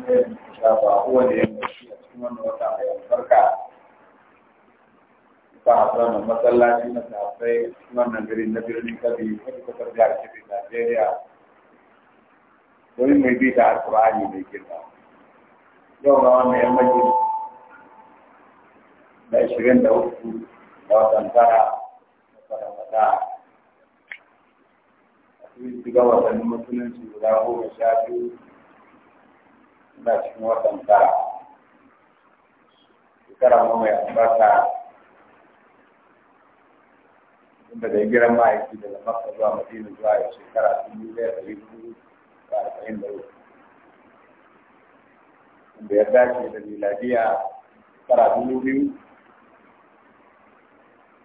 kuma ya sha a cikin wannan wata a yau farka ba a zama masallaci na safai wannan gari na birnin kabi kuma kasar jihar kebbi najeriya domin mai bi da alkur'ani mai girma yau na wani yammacin na ashirin da uku da watan tara na faramata a cikin shiga watannin musulunci guda goma sha biyu na cikin watan tara shekara mu mai albarka inda da gira ma'aiki daga makka zuwa madina zuwa ya shekara dubu ɗaya ɗari biyu da arba'in da uku wanda ya dace da miladiya shekara dubu biyu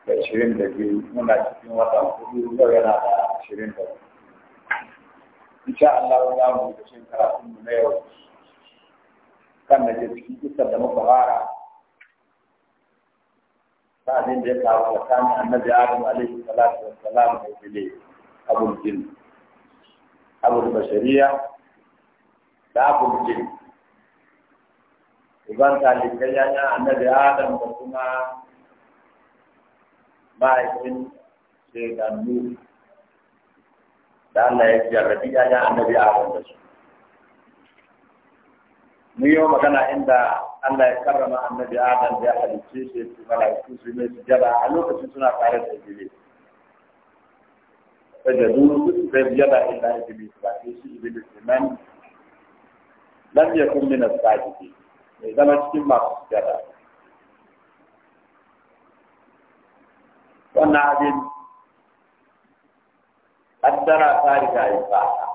da ashirin da biyu muna cikin watan hudu yau yana da ashirin da biyu insha Allah za mu da shin karatun mu na yau kan da ke cikin iskar da muka fara sa'adin da ya kawo tsakanin annabi adam alaihi salatu wa salam da ibile abul jin abul bashariya da abul jin uban talibai ya yi annabi adam da kuma mahaifin shaidannu da Allah ya jarrabi ya yi annabi adam da su نيوم كان عند الله كرم النبي آدم في أحد الشيشة في ملايك في ميس جبع ألوك سنسونا فارس إبليس فجدوه في يدا إلا إبليس فارس إبليس من لم يكن من الساجدين إذا ما تكلم مقص جبع وأن عدد أدرى فارس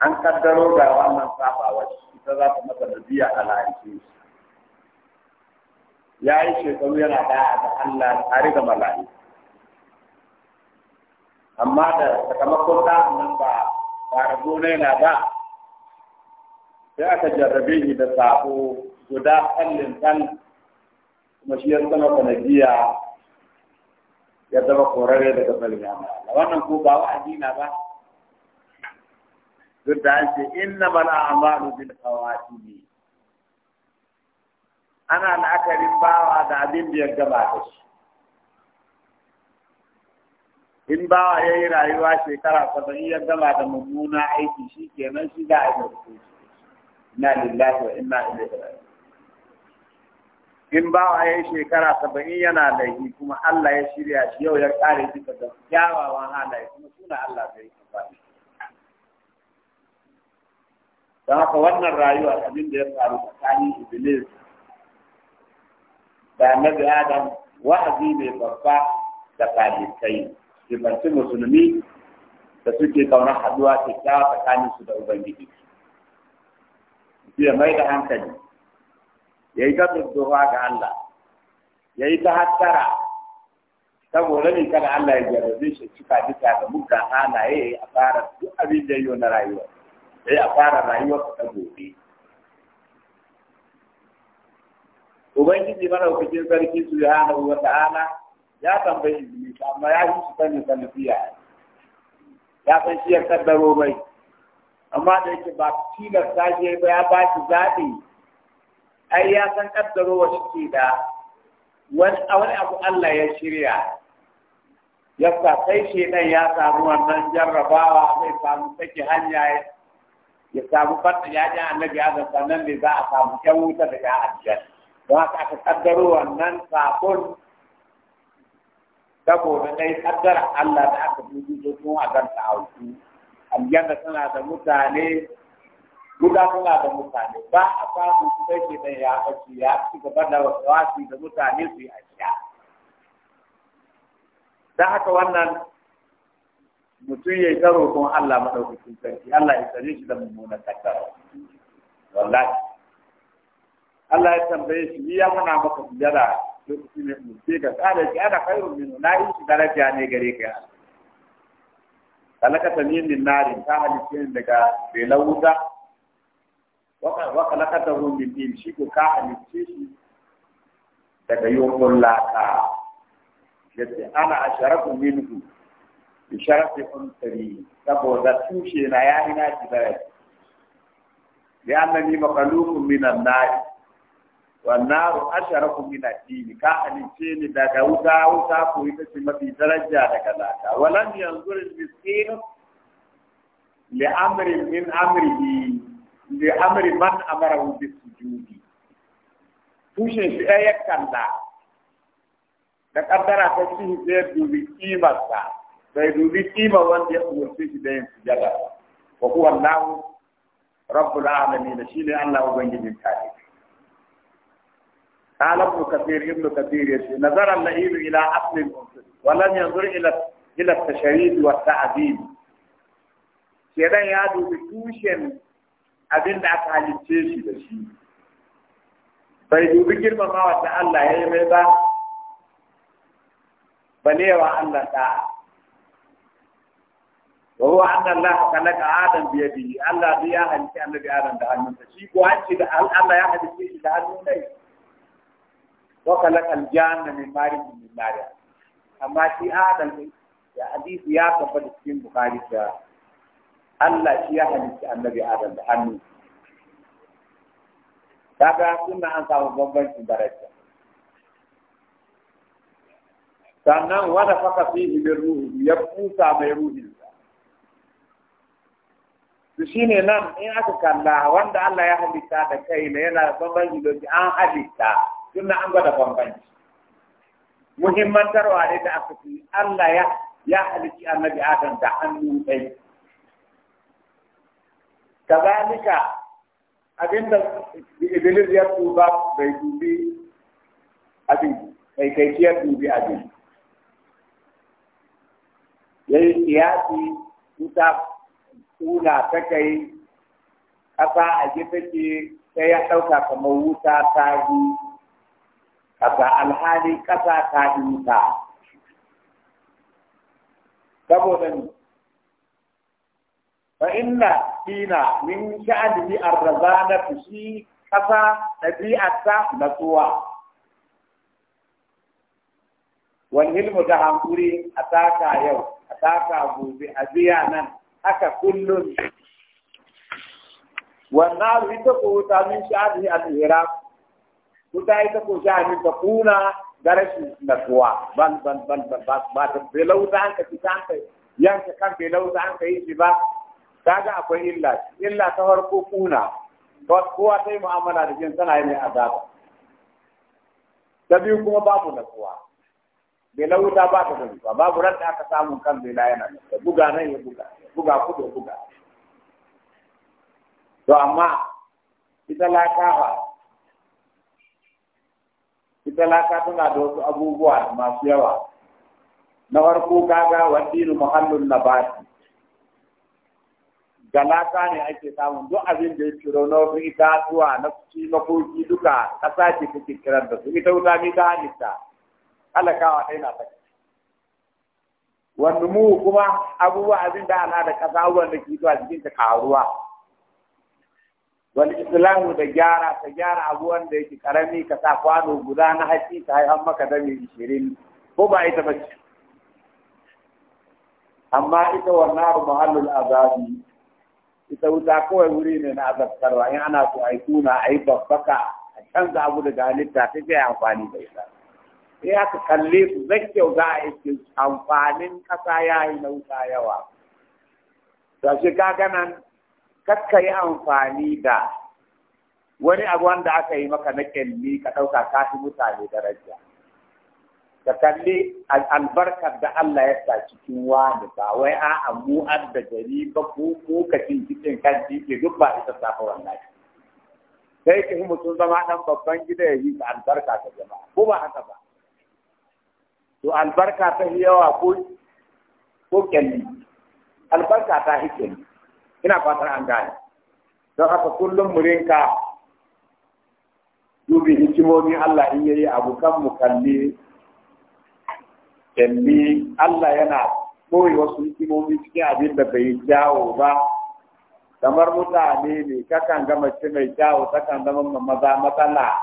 an kaddaro da wannan sabawa ita za ta masa biya a lahirce ya yi shekaru yana da'a da Allah tare da mala'iku amma da sakamakon da'an nan ba ba rabo na ba sai aka jarrabe shi da sabo guda tsallin tsallin kuma shi ya zama sanadiyya ya zama korare daga balgama wannan ko ba wa'adi na ba duk da an inna mala a'malu bil khawatimi ana la'akarin bawa da abin da ya da shi in bawa ya yi rayuwa shekara saba'in ya gama da mummuna aiki shi kenan shi da a yi na lillahi wa inna ilaihi in bawa ya yi shekara saba'in yana laifi kuma Allah ya shirya shi yau ya kare shi daga kyawawan halaye kuma suna Allah zai kafa don haka wannan rayuwa abin da ya faru tsakanin iblis da annabi adam wa'azi mai babba da kalisai kimanci musulmi da suke kauna haduwa ta kyawa tsakanin su da ubangiji ya mai da hankali ya yi ta dudduwa ga Allah ya yi ta hattara saboda ne kada Allah ya jarrabe shi cika duka da muka halaye a fara duk abin da yi na rayuwa sai a fara rayuwar ta gobe ubangiji madaukakin sarki su subhanahu wa ta'ala ya tambayi iblis amma ya yi sanya sanafiya ya san shi ya kaddaro bai amma da yake ba su tilasta shi ba ya ba shi zaɓi ai ya san kaddaro wa shi da wani abu Allah ya shirya ya sa sai shi nan ya samu wannan jarrabawa zai samu sake hanya ya samu fata ya ji annabi ya nan ne za a samu ƴan wuta da ya ajiyar don haka aka kaddaro wannan sakon saboda dai kaddara Allah da aka fi da sun a a wuce aljanna tana da mutane guda suna da mutane ba a samu su sai ke dan ya bace ya ci gaba da wasu da mutane su yi za da haka wannan mutum ya yi ta roƙon Allah maɗaukakin sarki Allah ya sani shi da mummunan kaddara wallahi Allah ya tambaye shi ni ya hana maka sujada lokaci ne mu ce ka tsara shi ana khairun min na yi shi daraja ne gare ka kalaka tamin din nari ta halice ne daga belan wuta wa kalaka ta hu min din shi ko ka halice shi daga yonkon kullaka. Yadda ana asharaku minhu bi sharafi unsari saboda tushe na ya hina ji da ya annani makalukun minan nari wannaru asharafu min addini ka halice ni daga wuta wuta ko ita ce mafi daraja daga laka walan yanzur miskin li amri min amrihi li amri man amara bi sujudi tushe ya ayyakan da da ta ci zai dubi kimarsa bai dubi kima wanda ya umarci shi da yin sujada wa huwa Allah rabbul alamin shine Allah ubangijin kai قال ابن كثير ابن كثير نظر اللئيم الى اصل الانثى ولم ينظر الى الى التشريد والتعذيب سيدا يا دوبي توشن abin da aka halicce shi da shi bai dubi girmamawa da Allah ya yi mai ba Allah ta وهو أن الله خلق آدم بيده الله دي أهل كان النبي آدم ده هنون شيء وأنت الله يهل شيء ده هنون وخلق الجان من مارك من مارك أما شيء آدم يا حديث يا كفر السين بخاري شاء الله ya halitta كان Adam آدم hannu. Kaga suna an samu bambancin daraja. Sannan wanda faka fi فيه من روحه kusa سامي روحه to shine nan in aka kalla wanda Allah ya halitta da kai na yana bambanci da an halitta tunda an gwada bambanci tarwa ne da aka fi Allah ya ya halitta annabi Adam da hannu ɗaya kazalika abinda Iblis ya tuba bai dubi abin kai kai ya dubi abin yayi kiyasi uta kuna ta kai ƙasa a gefe sai ya ɗauka kamar wuta ta yi ƙasa alhali ƙasa ta yi wuta saboda ni fa inna dina min sha'ani ar-razana shi ƙasa ɗabi'arta natsuwa wani ilmu da hankuri a taka yau a taka gobe a biya nan haka kullum wannan ita ko ta min sha'adi al-iraq kuta ita ko min ta kuna da na natsuwa ban ban ban ba ba ta belauta an ka fita an ka yanka kan belauta an ka yi shi ba kaga akwai illa illa ta ko kuna kowa ta yi mu'amala da jin tana yi mai azaba ta biyu kuma babu natsuwa ta ba ta da natsuwa babu ran da aka samu kan bela yana da buga nan ya buga buga ku buga to amma ita lakawa ita laka tana da wasu abubuwa masu yawa na farko kaga wadinu laka ne ake samun duk abin da ya ciro na wasu na makoki duka ƙasa ce kiran da su ita wuta ta halitta halakawa ɗaya na wanda mu kuma abubuwa abin da ana da kasa abubuwan da ke zuwa cikin ta karuwa wani islamu da gyara ta gyara abubuwan da yake karami ka sa kwano guda na hatsi ta haifar maka da mai shirin ko ba ita ba ce amma ita wannan abu muhallul azabi ita wuta kawai wuri ne na azabtarwa in ana so a yi kuna a yi babbaka a canza abu daga halitta ta ce amfani da ita sai aka kalle su kyau za a iske amfanin ƙasa ya yi wuta yawa ta shi kaga nan kakka yi amfani da wani abu wanda aka yi maka na kyalli ka ɗauka kafi mutane daraja ka kalli albarkar da Allah ya sa cikin wani ba wai a mu an da gari ba ko ko cin cikin kan jike duk ba ita safa wannan sai yi mutum zama dan babban gida ya yi albarka ta jama'a ko ba haka ba to albarka ta yi yawa ko ko kyalli albarka ta yi kyalli ina fatan an gane don haka kullum mu dubi hikimomi Allah in yayi abu kan mu kalli kyalli Allah yana ɓoye wasu hikimomi cikin abin da bai jawo ba kamar mutane ne kakan ga mace mai jawo takan zama maza matsala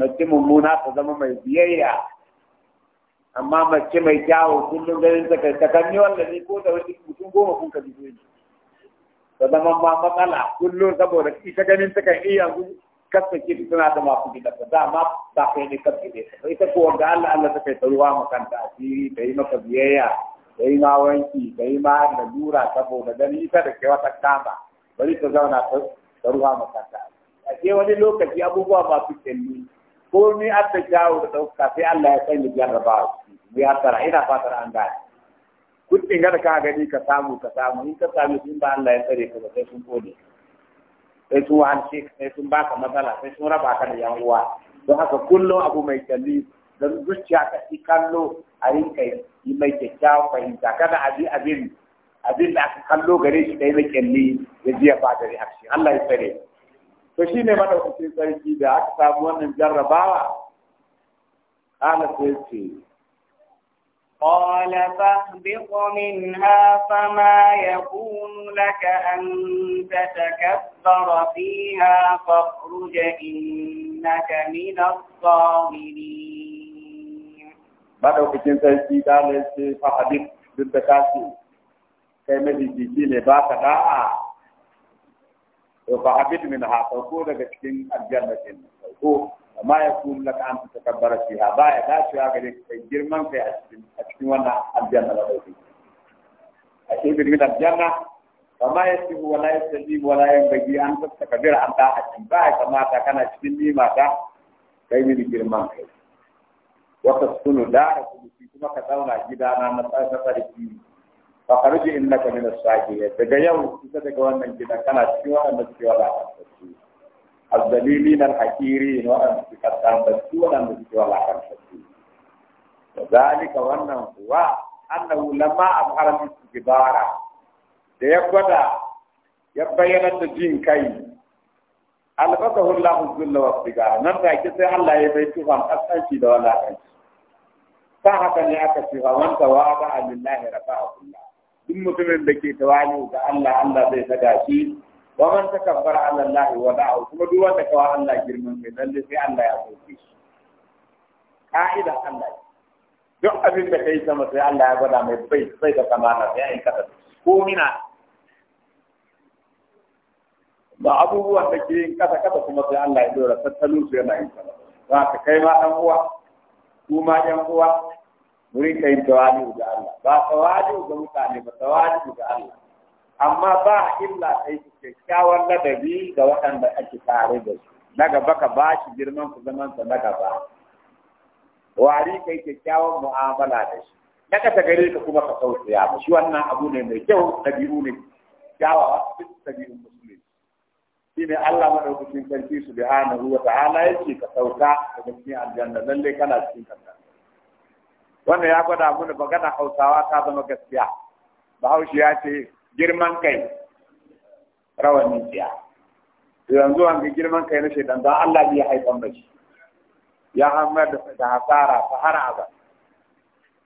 mace mummuna ta zama mai biyayya amma mace mai kyawu kullum ganin ta kai takanni wallahi ko da wani mutum goma kun ka biyo ni da zama ma matsala kullum saboda ita ganin ta kan iya yanzu kasa ta tana da masu gida ta ma ba kai ne kasa ne ita ko ga Allah Allah ta kai ta ruwa tsaruwa makanta asiri ta yi maka biyayya ta yi ma wanki ta yi ma da lalura saboda ganin ita da kewa ta kama bari ta zauna ta ma kanta a ke wani lokaci abubuwa masu kyalli ko ni a ta jawo da ɗauka sai Allah ya sanya jarrabawa ya tara ina fatar an gane kuɗin gada ka gani ka samu ka samu in ka samu in ba Allah ya tsare ka sai sun kone sai sun wahalce ka sai sun ka matsala sai sun raba ka da yan uwa don haka kullum abu mai kyalli don zuciya ka ci kallo a rinka yi mai kyakkyawan fahimta kada a bi abin abin da aka kallo gare shi ɗaya na kyalli ya ji ya da reaction Allah ya tsare to shine madaukakin sarki da aka samu wannan jarrabawa kala sai ce قال فاهبط منها فما يكون لك أن تتكبر فيها فاخرج إنك من الصاغرين بعد وكتين سيدي قال فحديث بالبكاسي كما يجيكي لباك داعا فحبيت منها فاقول لك تكين الجنة فوقو amma ya kun laka an ta kabbara fiha ba ya dacewa gare ka girman kai a cikin a cikin wannan aljanna da kai a cikin gidan aljanna kama ya ci wala ya sadi wala ya bagi an ta takabbira an ta hajji ba ya kamata kana cikin nima ta kai mini girman kai wata sunu da rubuci kuma ka zauna gidana na tsarki fa karji innaka min as-sajidin daga yau kusa daga wannan gidan kana cikin wannan cikin wannan الذليلين الحكيرين وأن تكتان بسوء أن تكتوى لحكم شديد وذلك وأنه هو أنه لما أظهر الاستكبار ليبدا يبين الدين كي ألبسه الله الذل والصغار نرجع كسي الله يبيتهم أسألتي دولا أنت فهكذا أكسفها وأنت واضع لله رفعه الله duk mutumin da ke tawani ga Allah Allah zai daga shi wa man takabbara ala Allah wa da'a kuma duk wanda kawa Allah girman kai lalle sai Allah ya sauke shi ka'ida Allah duk abin da kai sama sai Allah ya gwada mai bai sai da kamana sai ai kada ko mina ba abubuwan da ke yin kasa kasa kuma sai Allah ya dora tattalin su yana yin kasa za ka kai ma dan uwa ku ma yan uwa wurin kai tawali ga Allah ba tawali ga mutane ba tawali ga Allah amma ba illa sai su ladabi ga waɗanda ake tare da su na gaba ka ba shi girman ku zaman sa na gaba wari kai kyakkyawan mu'amala da shi na ka gare ka kuma ka tausaya ba shi wannan abu ne mai kyau ɗabi'u ne kyawawa duk ɗabi'un musulmi ne Allah madaukakin sarki ruwa ta hana yake ka sauka daga cikin aljanna lalle kana cikin kanka wannan ya gwada mana magana Hausawa ta zama gaskiya Bahaushe ya ce girman kai jiya, siya yanzu an ga girman kai na shaidan don Allah ya haifan da shi ya hamar da hasara ta har abada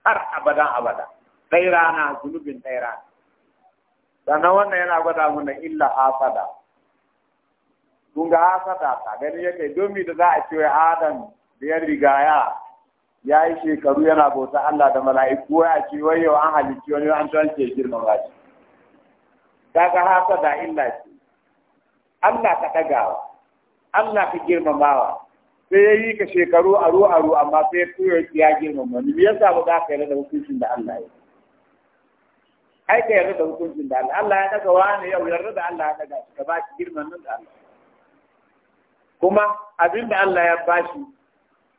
har abadan abada ɗai rana zunubin ɗai rana sannan wannan yana gwada mana illa hasada kun ga hasada ka gani yake domin da za a ce adam da ya riga ya yi shekaru yana bauta Allah da mala'iku ya ce wai yau an halicci wani an tance girman shi hasa da illa ce Allah ka ɗagawa Allah ka girmamawa sai ya yi ka shekaru aro aro amma sai ya ya girmama ni ya yasa ba za ka yarda da hukuncin da Allah ya ai ka yarda da hukuncin da Allah Allah ya daga wani yau yarda da Allah ya daga shi ka ba shi girman nan da Allah kuma abin da Allah ya bashi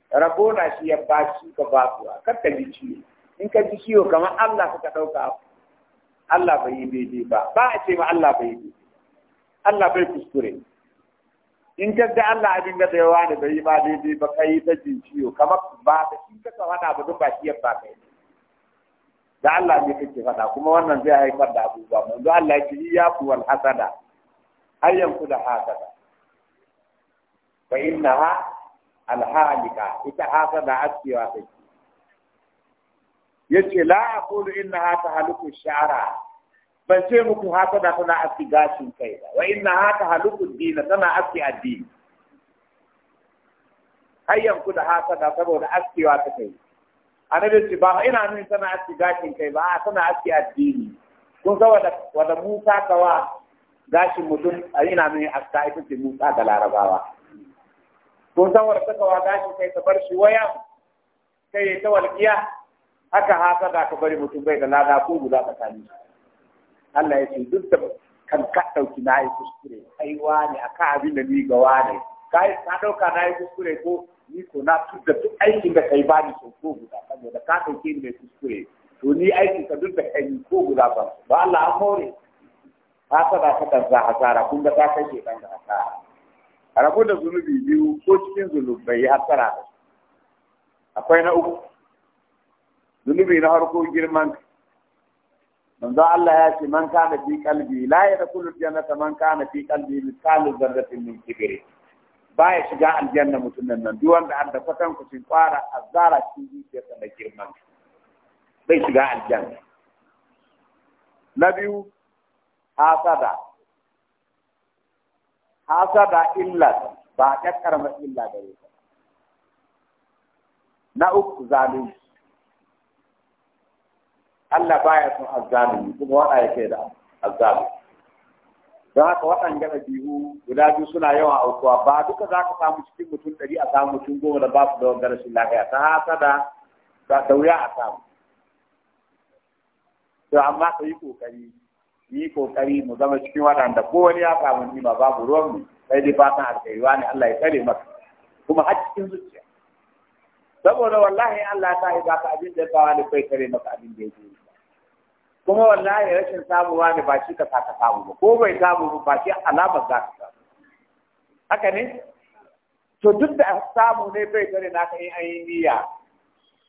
shi na shi ya bashi ka ba su kar ka ji ciwo in ka ji ciwo kamar Allah ka ɗauka Allah bai yi daidai ba ba a ce ma Allah bai yi Allah bai kuskure in ka ga Allah abin da da yawa ne bai yi ma daidai ba kai ta jin ciwo kamar ba da shi ka tsawada ba duk ba shi yadda ba kai da Allah ne kake faɗa kuma wannan zai haifar da abubuwa da Allah ya ce iyyaku wal hasada har yanku da hasada fa na ha alhalika ita hasada askewa take yace la aqulu hata tahluku shara ban ce muku hasada tana aski gashin kai ba wa hata tahluku dina tana aski addini hayyan ku da hasada saboda askewa ta kai annabi ce ba ina nuni tana aski gashin kai ba tana aski addini kun ga wada wada Musa kawa gashin mutum ina nuni aska ita ce Musa da Larabawa kun san wada kawa gashin kai ta bar shi waya kai ta walƙiya haka hasada ka bari mutum bai da lada ko guda tsakanin su Allah ya ce duk da kan ka dauki na yi kuskure kai wani aka abin da ni ga wani kai ka dauka na yi kuskure ko ni ko na tu da duk aikin da kai bani so ko guda saboda ka dauke ni mai kuskure to ni aikin ka duk da kai ko guda ba ba Allah an more hasada ta kan za hasara kun ga ta kai ke dan a rabu da zunubi biyu ko cikin zunubai hasara akwai na uku zunubi na harko girman manzo Allah ya ce man kana fi kalbi, la yadkhulul jannata man kana fi qalbi mithqalu dharratin min kibri baya shiga aljanna mutumin nan duk wanda an da kwatan ku sun fara azara cikin zuciyarsa da girman bai shiga aljanna na biyu hasada hasada illa ba kakkar ma illa da yake na uku zalunci Allah baya son azzalimi kuma wada yake da azzalimi don haka waɗanda biyu guda biyu suna yawan aukuwa ba duka za ka samu cikin mutum ɗari a samu mutum goma da ba su da wanda rashin lafiya ta haka da da wuya a samu to amma ka yi kokari yi kokari mu zama cikin waɗanda ko wani ya samu nima babu ruwan mu sai dai fatan alkhairiwa ne Allah ya tsare maka kuma har cikin zuciya saboda wallahi Allah ta yi ka abin da ya kawo ne kai tsare maka abin da ya ke kuma wallahi rashin samuwa ne ba shi ka ka samu ba ko bai samu ba shi alamar za ka samu haka ne to duk da samu ne bai tare na ka in an yi niyya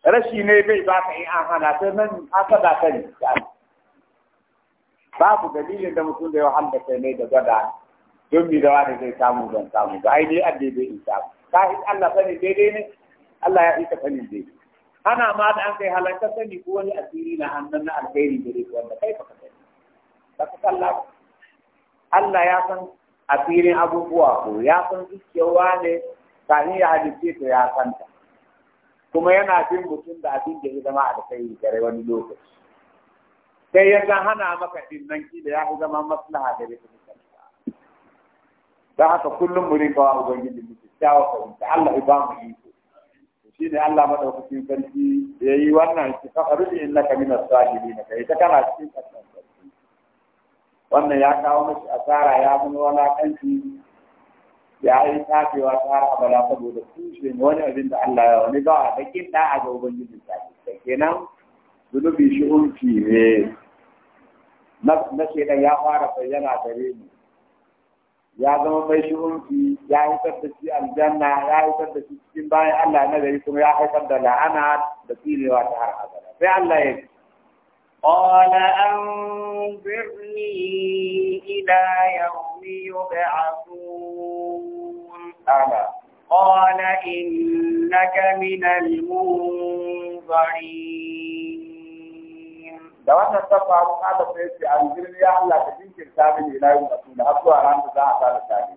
rashi ne bai ba ka yi an hana ta nan hasada ta ne babu dalilin da mutum da ya wahala kai ne da gwada don mi da wani zai samu don samu ga ainihin dai addai bai in samu ka Allah sani daidai ne Allah ya isa sanin daidai ana ma da an kai halarta sani ko wani asiri na hannun na alheri da ka wanda kai baka sani ka kalla Allah ya san asirin abubuwa ko ya san zuciyar ne kafin ya halice ta ya ta kuma yana jin mutum da abin da ya zama alheri gare wani lokaci sai ya ga hana maka din nan ki da ya fi zama maslaha da rikin da haka kullum mu rinka wa ubangiji mu kyakkyawa ko Allah ya ba mu yi shi ne Allah madaukakin sarki ya yi wannan shi kafa rufi na laka min as-sajidin ka kana cikin kasan wannan ya kawo mashi asara ya zama walakanci ya yi tafewa ta har abada saboda tushe ne wani abin da Allah ya wani ba a kin da a ga ubangiji ta kenan zunubi shi umki ne na shedan ya fara bayyana gare mu يا زما ميشون في يا وكر دسي الجنة يا وكر دسي سكين باي الله نبي يكون يا حكم دلا أنا دسيلي واتهار هذا في الله يك قال أنظرني إلى يوم يبعثون أنا قال إنك من المنظرين da wannan ta faru kada sai ce an girni ya Allah ka jinkirta mini ila yau da tunda har zuwa ran da za a fara tare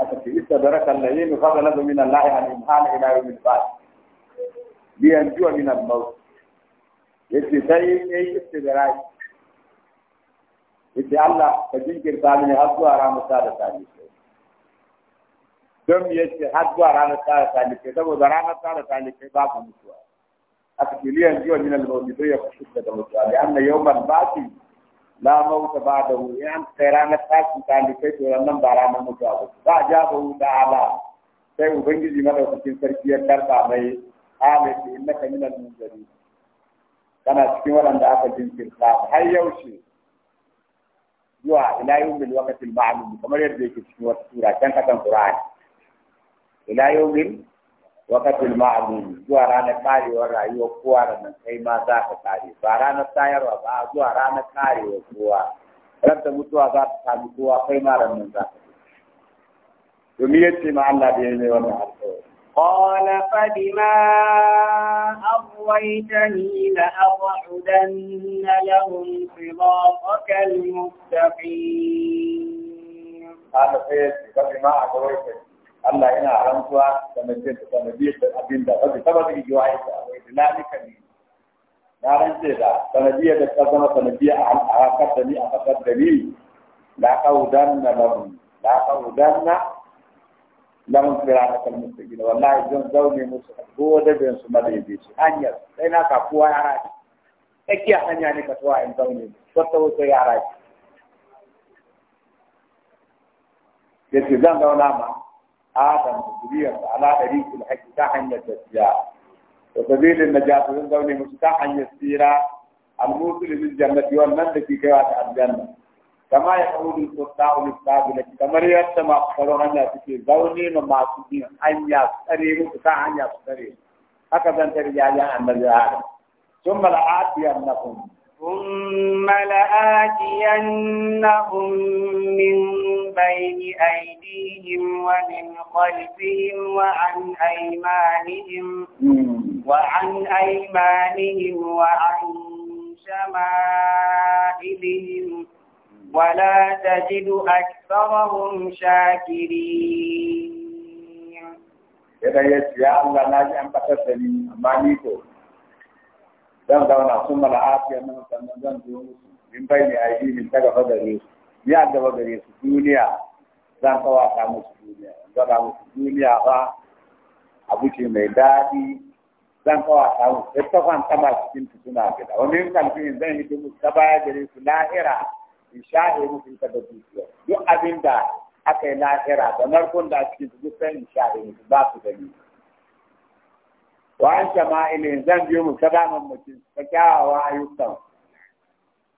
aka ce istadraka alladhina fadala min Allah alim hana ila yau min ba'd bi yanjuwa min al-maut yace sai ne istidraki yace Allah ka jinkirta mini har zuwa ran da ta a tare don yace har zuwa ran da ta a tare saboda ranar da ta a tare babu mutuwa أكتليا جوا من الموجودية شدة الوجوع لأن يوم البعث لا موت بعده يعني سيران التاس متعلقات ولنم بارانا مجابه فأجابه تعالى سيو بنجي من وكتين سركية كرتا مي آلت إنك من المنزلين كان أتكيور أن دعاك الجنس الخاص هاي يوشي جوا إلى يوم الوقت المعلوم كما يرجيك في السورة كان قرآن إلى يوم وقت المعلوم جوارانه کاری و رایو کوارانه خیمه ذات کاری بارانه سایر و جوارانه کاری و کوار رب تمتو آزاد کاری کوا خیمه را من ذات دمیتی معنی دیمه و محرسه قال فبما أغويتني لأقعدن لهم صراطك المستقيم قال فبما أغويتني Allah yana rantsuwa da mace da sanadiyar da abin da ba ta ba zai yiwa ya ta wai dinamika ne na rantse da sanadiyar da ta zama sanadiyar a hakar da ni a kasar da ni la qaudanna lahum la qaudanna lahum siratal mustaqim wallahi zan zaune musu ko da bin su hanyar sai na ka ya rashi tsakiya hanya ne ka tuwa in zaune ko ta ya rashi yace zan zauna ma adam zuriyar da ala ɗari kul haƙi ta hanyar gaskiya da sabilin najatu zan zaune musu ta hanyar tsira al-musul bil jannati wannan da ke kaiwa ta aljanna kama ya kauli sutta ul sabila kamar yadda ma karo hanya suke zaune ma masu bin hanya tsare musu ta hanya tsare haka zan tariya ya annabi adam na لآتينكم ثم لآتينهم من بين أيديهم ومن خلفهم وعن أيمانهم وعن أيمانهم وعن شمائلهم ولا تجد أكثرهم شاكرين. Kita ya Allah na ji an fatar da ni amma ni ko zan zauna sun mala afiya nan sannan zan biyo musu min bai ne a yi min ta gaba gare su ni a gaba gare su duniya zan kawata musu duniya zan musu duniya ba abu ce mai daɗi zan kawata musu da ta kwanta ba cikin su suna gida wani in yin kamfin zan yi musu ta baya gare su lahira in sha'e musu ita da dukiya duk abin da aka yi lahira da narkon da cikin su duk sai in sha'e musu ba su gani wa an shama'ilin zan biyo mu ta damar mutum ta kyawawa ayyukan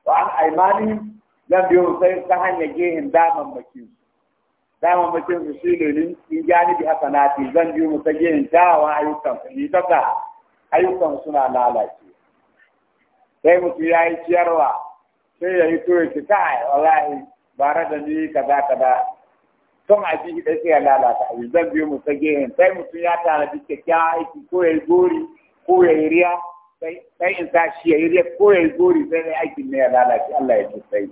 wa an aimani zan biyo mu sai ta hanyar gehin damar mutum damar mutum su shi ne in na fi zan biyo mu ta gehin kyawawa ayyukan ni ta ka ayyukan suna lalace sai mutum ya yi ciyarwa sai ya yi to ya ci kai wallahi bare da ni kaza kaza son abin da sai ya lalata abin zan biyo mu ta gehen sai mutum ya tanadi kyakkyawa aiki ko ya yi gori ko ya yi riya sai in sa shi ya yi riya ko ya yi gori sai ne aikin ne ya lalace Allah ya ce sai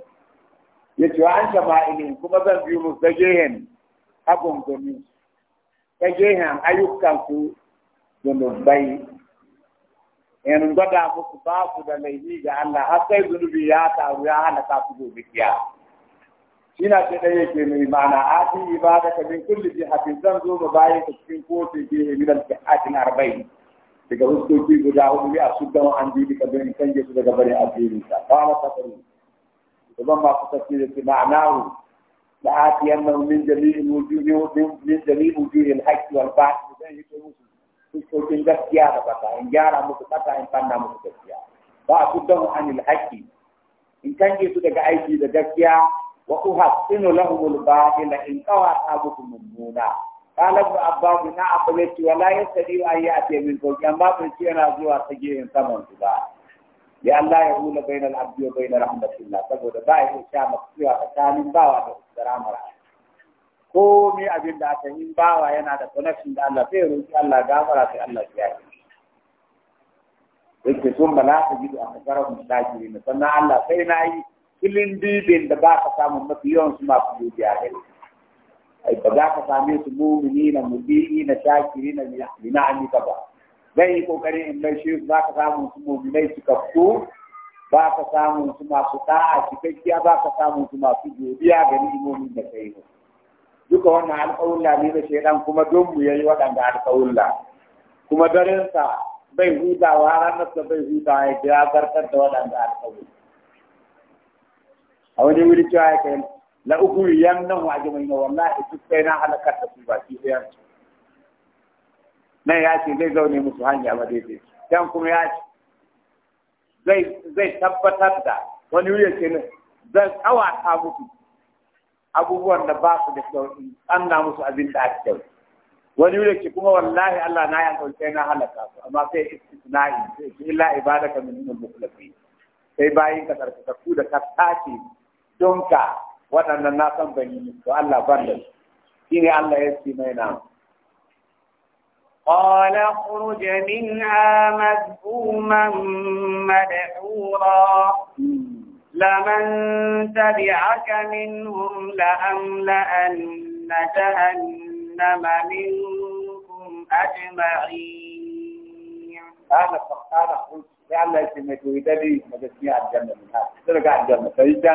ya ce an shama'ilin kuma zan biyo mu ta gehen abun gani ta gehen ayyukan ku, zunubai in gwada muku ba ku da laifi ga Allah har sai zunubi ya taru ya halaka su gobe kiyama shina ce ɗaya ke mai ma'ana ati ibadaka min kulli jihatin zan zo ba bayan ka cikin kotun jihe min al-jihatin arba'in daga huskoki guda hudu a sudan an bi ka bin canje su daga bari addinin sa ba ma tafaru idan ba ku tafsiri ce da la atiyanna min jami'i wujuhi min jami'i wujuhi al-haqqi wal batil dan yake musu huskokin gaskiya da fata in gyara musu fata in fanna musu gaskiya ba a sudan anil haqqi in canje su daga aiki da gaskiya wa uhassinu lahum al-batil in qawata bikum mummuna qala ibn abbas na aqbalti wa la yastadi an ya'ti min fawqi amma ban ci yana zuwa ta gefen saman su ba ya Allah ya hula bainal abdi wa bainal rahmatillah saboda ba ya sha makuwa tsakanin bawa da rahmar ko me abin da aka yi bawa yana da connection da Allah sai roki Allah gafara sai Allah ya yi yake sun bala a kasarar mustakiri na sannan Allah sai na yi filin dubin da ba ka samu mafi yawan su masu dubi a gari ai ba za ka same su mumini na mudini na shakiri na lina'ani ka ba zai yi kokarin in mai shi ba ka samu su muminai su kafku ba ka samu su masu ta'a cikakkiya ba ka samu su masu dubiya ga ni'imomin da kai ne duka wannan alƙawulla ne da shaidan kuma don mu yayi waɗanda alƙawulla kuma darensa bai hutawa ranar sa bai hutawa ya zartar da waɗanda alƙawulla a wani wuri cewa ya kai la uku yan nan wa jama'i na wallahi duk sai na halakar da su ba shi ɗaya su nan ya ce zai zaune musu hanya ba dai can kuma ya ce zai tabbatar da wani wuri ce zan tsawata musu abubuwan da ba su da kyau in tsanna musu abin da ake kyau wani wuri ce kuma wallahi Allah na ya kauce na halaka su amma sai istisna'i sai illa ibadaka min al-mukhlasin sai bayin ka karkata ku da ka tace donka waɗannan na san ban yi to Allah ban da shi ne Allah ya ce mai na قال اخرج منها مذءوما مدحورا لمن تبعك منهم لأملأن جهنم منكم أجمعين. أنا أنا قلت لأن الله يسمى تويتري مجسمي الجنة منها. تلقى الجنة فإذا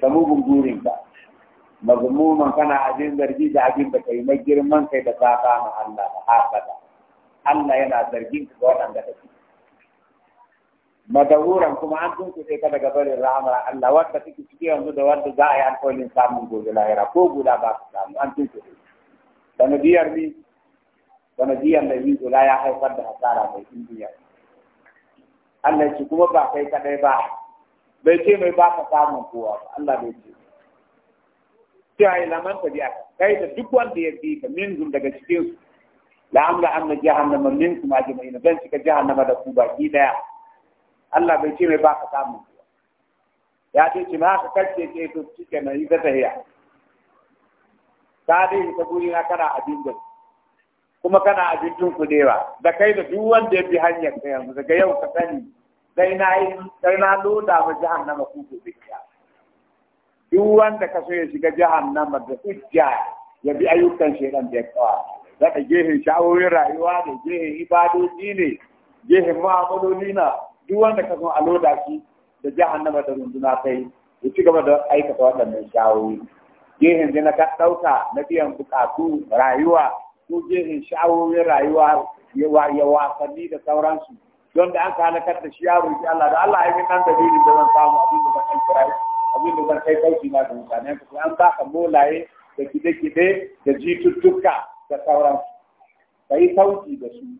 da mugun gurinka mazmuman kana abin zargi da abin da kai na girman kai da saka ma Allah da hasada Allah yana zargin ka waɗanda kake madaruran kuma an tunkuɗe ka daga barin rahamar Allah wanda kake ciki yanzu da wanda za a yi alƙawarin samun gobe lahira ko guda ba ka samu an tunkuɗe sanadiyar ni sanadiyar da yi ya haifar da hasara mai indiya Allah ya ce kuma ba kai kaɗai ba bai ce mai ba ka samun kowa ba Allah bai ce cewa ya laman ta biya ka kai da duk wanda ya bi ka minzum daga cikin su la amla anna jahannama minkum na. dan cika jahannama da ku ki daya Allah bai ce mai ba ka samun kowa ya ce ki ma ka kace ce to cike na yi ta tahiya ka ta guri na kana abin da kuma kana abin tun kudewa da kai da duk wanda ya bi hanyar ka yanzu daga yau ka sani sai na yi sai na loda ma jahannama kuku bikiya duk wanda ka so ya shiga jahannama da hujja ya bi ayyukan shedan da ya kawo daga gehen sha'awoyin rayuwa ne gehen ibadoji ne gehen mu'amaloli na duk wanda ka so a loda shi da jahannama da runduna kai ya ci gaba da aikata waɗannan sha'awoyi gehen da na ɗauka na biyan bukatu rayuwa ko gehen sha'awoyin rayuwa ya wasanni da sauransu don da an ka halakar da shi ya roƙi Allah da Allah ya yi nan dini da zan samu abin da zan kai abin da zan kai kauci na da mutane ka an ka molaye da kide-kide da jituttuka da sauran ka yi sauki da su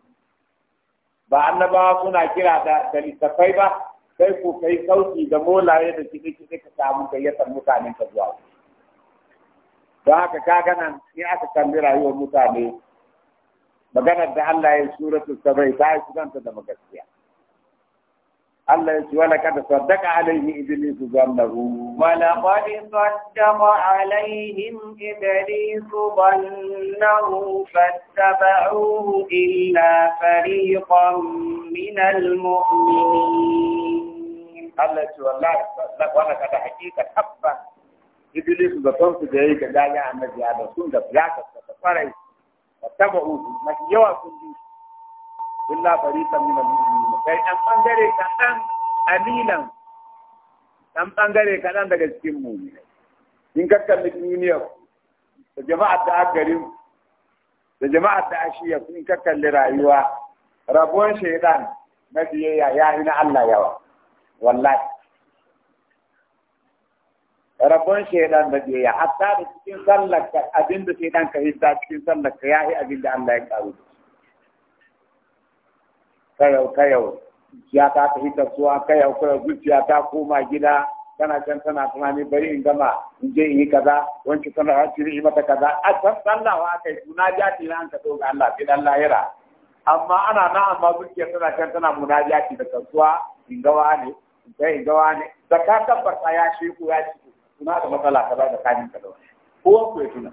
ba annaba suna kira da litafai ba sai ko kai sauki da molaye da kide-kide ka samu gayyatar mutanen ka zuwa don haka ka nan ya aka kalli rayuwar mutane مجرد الله سورة السبعي تعيش أنت ده مجرسيا الله يسوانا كده صدق عليه إبليس ظنه ولقد صدق عليهم إبليس ظنه فاتبعوه إلا فريقا من المؤمنين الله يسوانا صدق وانا كده حقيقة حبا إبليس ظنه جايك جايك عمد يا رسول ده بلاك الصدق fattaba'u mafi yawa sun bi bangare kadan alilan dan daga cikin mu'minai in duniya da jama'a da agarin da jama'a da ashiya in ka kalli rayuwa rabuwan shaidan na biyayya ya yi na Allah yawa wallahi rabon shaidan da biya hatta da cikin sallar ka abin da shaidan ka hidda cikin sallar ka yayi abin da Allah ya karu kayau kayau ya ta ta hita suwa kayau kayau zuciya ta koma gida tana can tana tunani bari in gama in je in yi kaza wanci tana a ciri mata kaza a san sallawa wa kai suna jati na an ka ga Allah fi dan lahira amma ana nan amma zuciya tana can tana munajati da kasuwa in gawa ne sai in gawa ne da ka tabbata ya shi ku ya ci suna da matsala ba da kanin ka dawo kowa ku ya tuna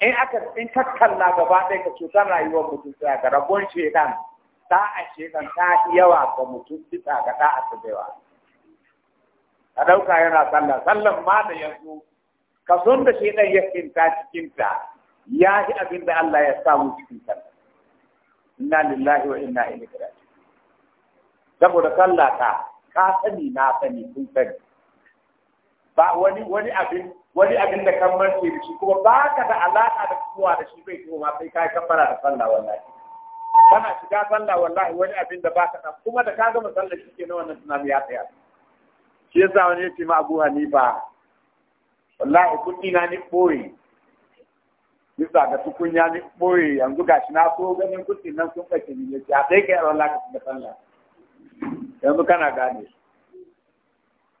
in aka in ka kalla gaba ɗaya ka cutar rayuwar mutum tsaya ga rabon shekan ta a shekan ta yawa ga mutum bisa ga ta a tsadewa ka ɗauka yana sallah sallan ma da yanzu ka son da shekan ya cikin ta. ya yi abin da Allah ya samu cikin ta. inna lillahi wa inna ilaihi raji saboda sallah ta ka sani na sani kun sani ba wani wani abin wani abin da kan mance da shi kuma ba ka da alaka da kowa da shi bai kuma sai ka kafara da sallah wallahi kana shiga sallah wallahi wani abin da ba ka da kuma da ka gama sallah shi ke na wannan tunani ya tsaya shi yasa wani yace ma Abu Hanifa wallahi kuɗi na ni boye bisa ga tukunya ni boye yanzu gashi na so ganin kuɗi nan sun kace ni ne sai kai wallahi ka da sallah yanzu kana gane shi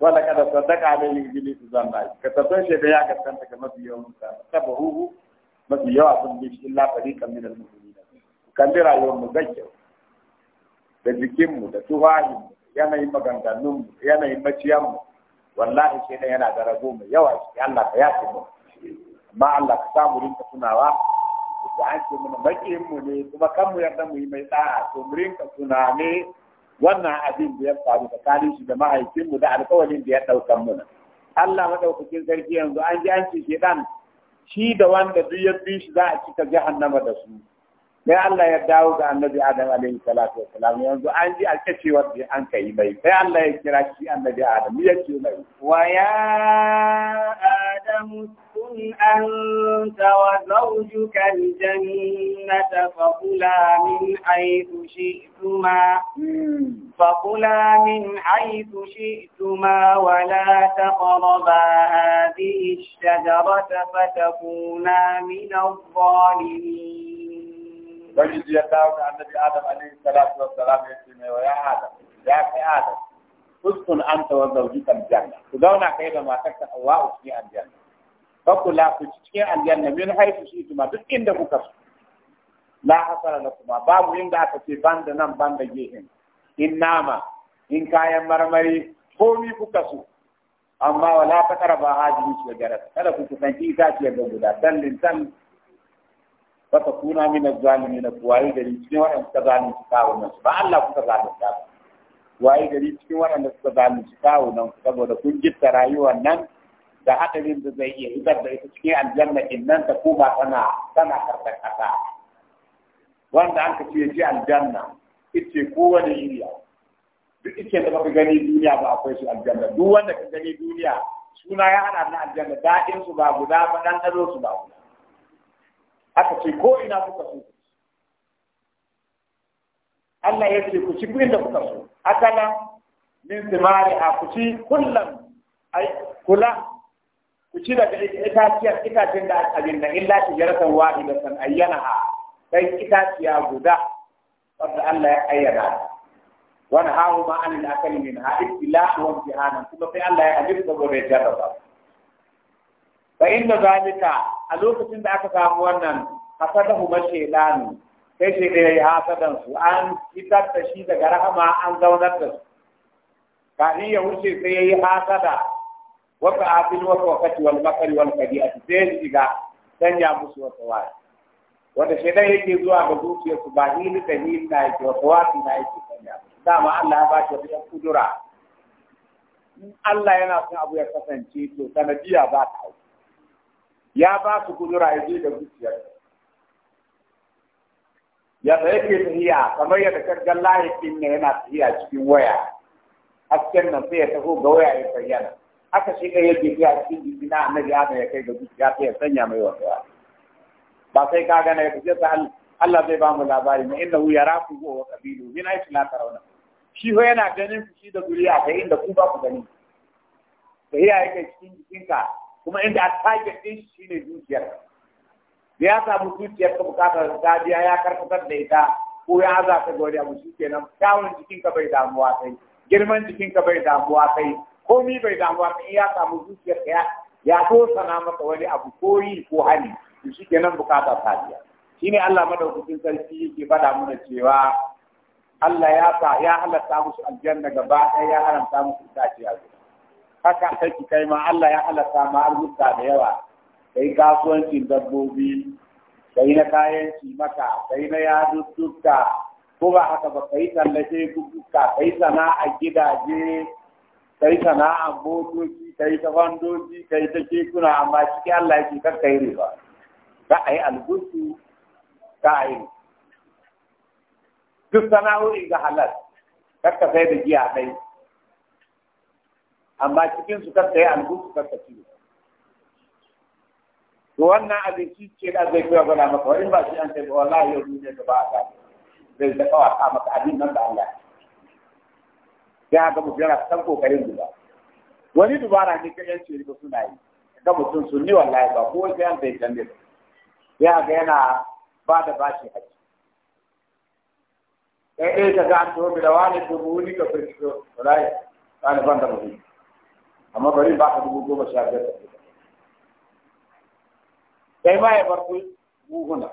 wala kada sadaka da yin gili su zanna ka tafi shi da ya gaskanta ga mafi yawan mutane sabahu mafi yawa sun bi shi illa fariqan min al kan kalli rayuwar mu gaskiya da jikin mu da tuwahin mu yanayin maganganun mu yanayin maciyan mu wallahi shi ne yana da rago mai yawa shi Allah ka yafi mu amma Allah ka samu rinka tunawa da ake mana makiyin mu ne kuma kan mu yarda mu yi mai da'a to mu rinka tunane wannan abin da ya faru tsakanin shi da mahaifinmu da alƙawarin da ya ɗaukan muna Allah maɗaukakin sarki yanzu an ji an ce shi da wanda duk ya bi shi za a cika jahannama da su sai Allah ya dawo ga annabi Adam alaihi salatu wassalam yanzu an ji alkacewar da an kai mai sai Allah ya kira shi annabi Adam ya ce mai wa ya Adam kun anta wa zawjuka aljannata fa kula min haythu shi'tuma فكلا من حيث شئتما ولا تقربا هذه الشجرة فتكونا من الظالمين ubangiji ya dawo da annabi adam alaihi salatu wassalam ya ce mai wa ya adam ya kai adam uskun anta wa zawjika aljanna ku zauna kai da matarka Hawwa ku cikin aljanna fa kula ku cikin aljanna min haifu shi tuma duk inda kuka so la hasara na kuma babu inda aka ce banda nan banda gehen in nama in kayan marmari komi kuka so amma wala ta karaba hajji shi ga kada ku kusanci ita ce ga guda sallin sallin baka kuna mina zalimi na waye gari cikin waɗanda suka su kawo nan ba Allah kuka zalunta ba waye gari cikin waɗanda suka kawo nan saboda kun gitta rayuwar nan da hadarin da zai iya hitar da ita cikin aljanna in nan ta koma tana tana karɓar ƙasa wanda an ka ce ji aljanna ita kowane iriya duk ita da baka gani duniya ba akwai su aljanna duk wanda ka gani duniya suna ya hana na aljanna daɗin su ba guda ba ɗan su ba guda aka ce ko ina kuka so Allah ya ce ku ci da kuka so akala min simari a ku ci kullum ai kula ku ci daga itaciyar itacen da abin da illa ta da wahidatan ayyana ha sai itaciya guda wanda Allah ya ayyana wani hawo ma an al-akali min ha ibtila'u wa imtihanan kuma sai Allah ya alifta gobe jarraba fa inda zalika a lokacin da aka samu wannan kuma mashaidan sai shi da ya hasadan su an fitar da shi daga rahama an zaunar da su kafin ya wuce sai ya yi hasada wa ka'abil wa waqati wal makari a cikin sai shiga canja musu wata waya wanda shaidan yake zuwa ga zuciyarsu ba ni hili da hili na yake wata wasu na yake canja dama Allah ya bashi shi wata kudura in Allah yana son abu ya kasance to sanadiya ba ta hau ya ba su kudura ya je da zuciyar yadda yake tafiya kamar yadda kaggan lahikin ne yana tafiya cikin waya hasken nan sai ya taho ga waya ya bayyana aka shi ɗaya yake tafiya cikin jiki na annabi adam ya kai ga zuciya sai ya sanya mai wata ba sai ka gana ya tafiya ta Allah zai ba mu labari wuya, ra yaraku wa qabilu min ayati la tarawna shi ho yana ganin shi da zuriya ta inda ku ba ku gani sai yake cikin jikinka kuma inda a target din shi shine zuciyar da ya samu zuciyar ka bukatar da biya ya karkatar da ita ko ya za ka gode abu shi kenan kyawun jikin ka bai damuwa kai girman jikin ka bai damuwa kai komi bai damuwa kai ya samu zuciyar ka ya so sana maka wani abu ko yi ko hani to shi kenan bukata sadiya Shi ne Allah madaukakin sarki yake faɗa mana cewa Allah ya halatta musu aljanna gaba ɗaya ya haramta musu itace a zuwa haka ki kai ma Allah ya halatta ma arzuka da yawa kai kasuwancin dabbobi kai na kayan maka kai na dukka ko ba haka ba kai tallace dukka kai sana'a gidaje kai sana'a motoci kai ta fandoji kai ta kekuna amma ciki Allah yake kar kai riba ka ayi albusu ka ai duk sana'o'i ga halal kar ka sai da giya dai amma cikin su kasta ya albu su kasta ciwo to wannan abin shi ce da zai koya gwada maka wani ba shi an sai ba wallahi yau duniya da ba a ga zai da kawa ka maka abin nan da Allah ya ga mutum yana san kokarin duba wani dubara ne kayan ce ba suna yi ga mutum ni wallahi ba ko wani yan bai canje ba ya ga yana ba da bashi haƙi ɗaya ɗaya ta ga an tuhu da wani dubu wuni ka firfito wallahi ɗaliban da mutum amma bari ba ka dubu goma sha biyar kai ma ya bar ku buhuna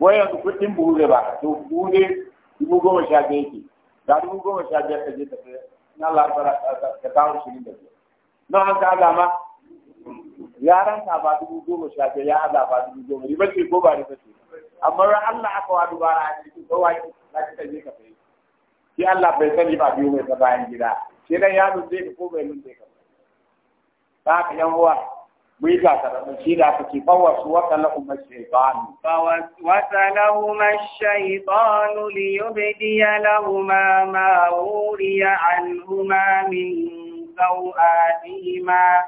ko yanzu kuɗin buhu zai ba to buhu ne dubu goma sha biyar ke ga dubu goma sha biyar ka je ka na lafara ka kawo shirin da biyar na an ka alama yaran ka ba dubu goma sha biyar ya Allah ba dubu goma riba ce ko ba riba ce amma ran Allah aka wa dubara a cikin kowa ki za je ka sai ki Allah bai sani ba biyu mai ta bayan gida shi nan ya nunde ka ko bai ka haka yan الشيطان فوسوس لهما الشيطان ليبدي لهما ما وري عنهما من سوآتهما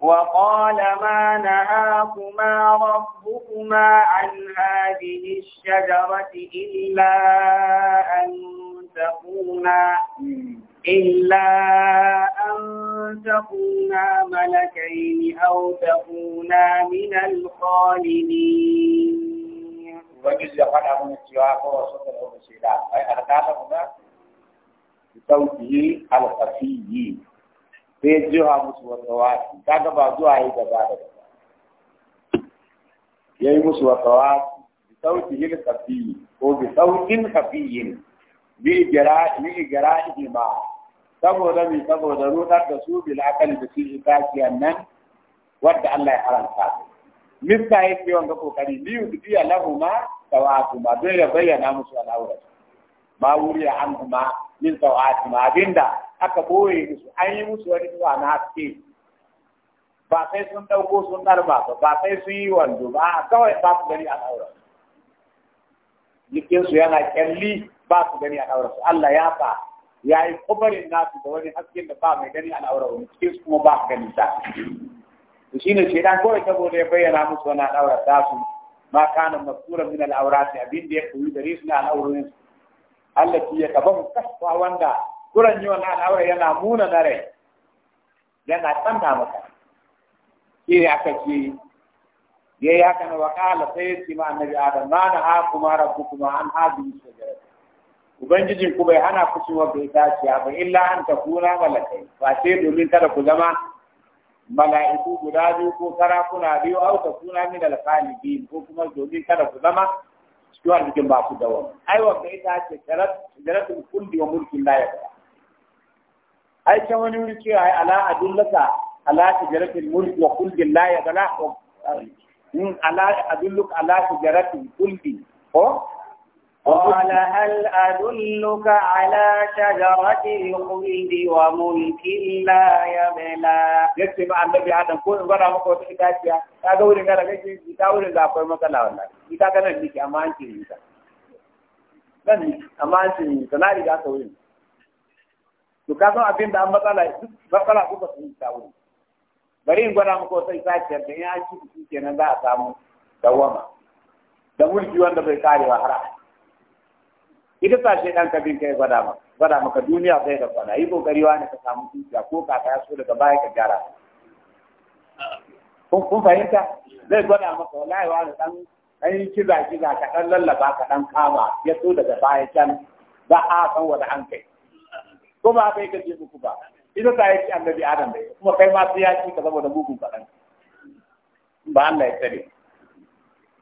وقال ما نهاكما ربكما عن هذه الشجرة إلا أن تكونا إلا أن تكونا ملكين أو تكونا من الخالدين Sauƙi alfafiyi, sai jiha musu wata wasi, ta gaba zuwa yi gaba da gaba. Ya yi musu wata wasi, sauƙi yin kafiyi, ko bi sauƙin kafiyin, bi gara ihe ma saboda mai saboda rudar da su bil akali da su itaciyan nan wadda Allah ya haranta su mista ya ce wanga kokari biyu biya lahuma tawatu ma don ya bayyana musu al'aura ma wuri ya an kuma min tawatu ma abinda aka boye musu an yi musu wani zuwa na haske ba sai sun dauko sun darba ba ba sai sun yi wando ba kawai ba su gani al'aura su yana kyalli ba su gani al'aura Allah ya fa ya yi kubarin nasu da wani hasken da ba mai gani al'aura wani cikin su kuma ba gani ta shi ne shaidan kawai saboda ya bayyana musu wani al'aura ta su ma kana masura min al'aurati abin da ya koyi da na al'aurorin Allah ya kaban kasuwa wanda kuran yi wani al'aura yana muna na rai yana tsanta maka shi ne aka ce ya yi haka na wakala sai ya ce ma annabi adam ma na ha kuma rabbu kuma an biyu shi da ubangijin ku bai hana ku ciwa bai daciya ba illa an ta kuna malakai ba sai domin kada ku zama mala'iku guda biyu ko sarakuna biyu au ta kuna min biyu, ko kuma domin kada ku zama cikin cikin ba ku dawo ai wa bai dace darat daratul kun wa mulkin la yaqra ai ta wani wuri ce ai ala adullaka ala tijaratil mulki wa kulli la yaqra hmm, ala adulluka ala tijaratil kulli ko قال هل أدلك على شجرة الخلد وملك لا يبلى يكتب عن النبي آدم كون غدا مكو تكاتيا kaga wurin gara kake ita wurin ga akwai matsala wallahi ita kana diki amma an cire ita dan amma an cire ita na riga ka wurin to ka san abin da an matsala matsala ko ba su yi ta wurin bari in gwada muku sai saciyar da an ci kenan za a samu dawama da mulki wanda bai karewa har abada ita sa shi ɗan kabin kai gwada ma gwada maka duniya sai da kwana yi kokari wani ka samu dukiya ko ka ya so daga baya ka gyara kun fahimta zai gwada maka wallahi wani ɗan an yi kiza kiza ka ɗan lallaba ka ɗan kama ya so daga baya can ba a san wani an kai ko ba bai je muku ba ita sa ya ci annabi adam bai kuma kai ma sai ya ci ka saboda mugun kaɗan ba Allah ya tsare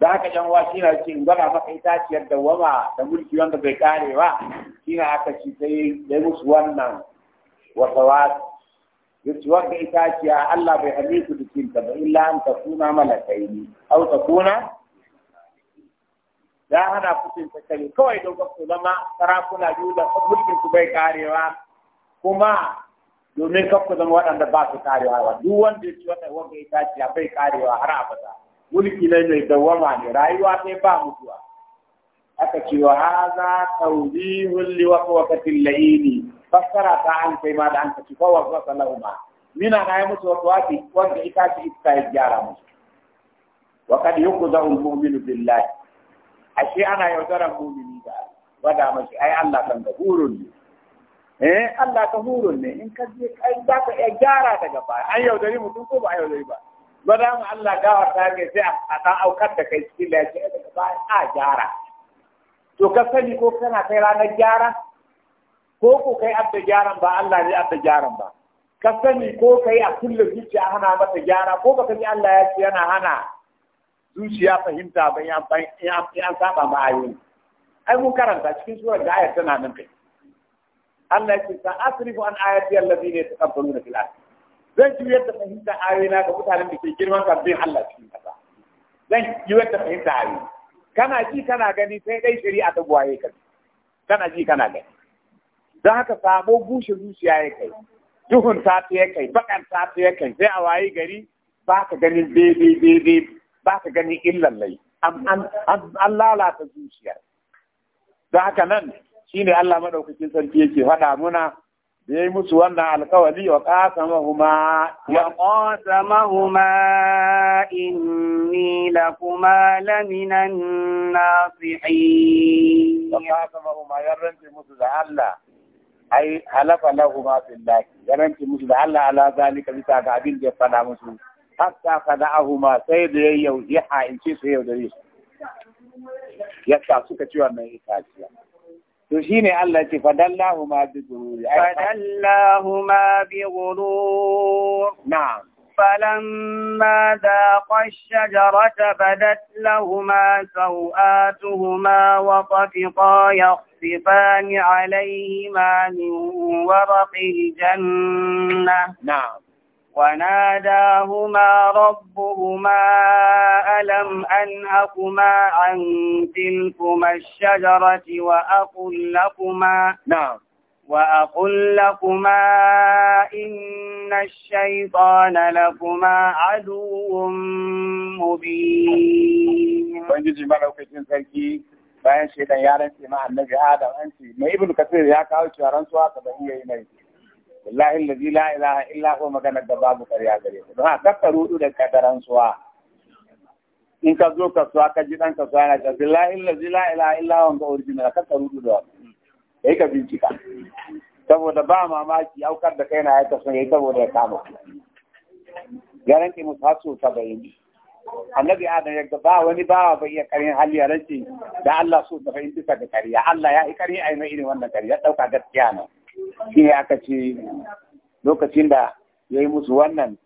da haka yan wa shi na ce in gwada maka itaciyar ciyar da mulki wanda bai kare ba shi aka ci sai dai musu wannan wasawa yace wanda itaciya Allah bai hane su da cin ta ba illa an ta kuna malakai ne au ta kuna da hana kusin ta kare kawai don ku zama sarakuna biyu da mulkin su bai karewa kuma domin kakku zama waɗanda ba su karewa duk wanda ya ci wanda itaciya bai karewa har abada mulki ne mai dawama ne rayuwa ne ba mutuwa aka ce wa haza tawdihul li waqwatil laini fassara ta an kai ma da an kace fa wa sallama mina na yi musu wasu wati wanda ita ce iska ya gyara musu wa kad yuqza al mu'minu billahi ashe ana yaudaran mu'mini da wada mashi ai Allah kan hurun ne eh Allah ka hurun ne in ka je kai za ka iya gyara daga baya an yaudari mutum ko ba a yaudari ba ba mu Allah gawar ta ke sai a ɗan aukar da kai cikin lafiya da ba a gyara to ka sani ko kana kai ranar gyara ko ko kai abda gyaran ba Allah ne abda gyaran ba ka sani ko kai a kulle zuciya hana mata gyara ko ka sani Allah ya ce yana hana zuciya fahimta ba ya ya saba ba ayoyi ai mun karanta cikin surar da ayar tana nan kai Allah ya ce sa asrifu an ayati allazina yatakabbaruna fil ardh zan yi yadda fahimta na ga mutanen da ke girman sabbin Allah cikin kasa zan juyar yadda fahimta ari. kana ji kana gani sai dai shari'a ta buwaye ka kana ji kana gani don haka sabo bushe zuciya ya kai duhun ta ya kai bakan ta ya kai sai a waye gari ba ka ganin daidai daidai ba ka gani illan lai. an lalata zuciya don haka nan shine Allah madaukakin sarki yake faɗa muna ya yi musu wannan alkawali wa mahuma. wa qasamahuma inni kuma laminan nasihin wa mahuma ya rance musu da Allah ai halafa lahuma billahi ya rance musu da Allah ala zalika bisa ga abin da ya faɗa musu hatta fada'ahuma sai da ya yau ya ha'ince su yau da ya suka ci wannan itaciya تشيني الله ne Allah ce بغرور نعم فلما ذاق الشجرة بدت لهما سوآتهما وطفقا يخصفان عليهما من ورق الجنة نعم وناداهما ربهما ألم أنهكما عن تلكما الشجرة وأقل لكما نعم وأقل لكما إن الشيطان لكما عدو مبين bayan shaidan ya rantse ma annabi adam an ce mai ibnu kasir ya kawo cewa rantsuwa ka ban iya yi mai wallahi allazi la ilaha illa huwa magana da babu karya gare ku don haka ka rudu da kadaran suwa in ka zo kasuwa ka ji dan kasuwa yana ta billahi allazi la ilaha illa huwa ga original ka ka rudu da kai ka bincika saboda ba mamaki aukar da kai na ya kasu yayi saboda ya kama yaran ki musu hasu ta bayani annabi adam ya ba wani bawa bai iya karin hali ya da Allah so da fahimta da kariya Allah ya yi karin mai irin wannan kariya dauka gaskiya ne shi ne aka ce lokacin da ya yi musu wannan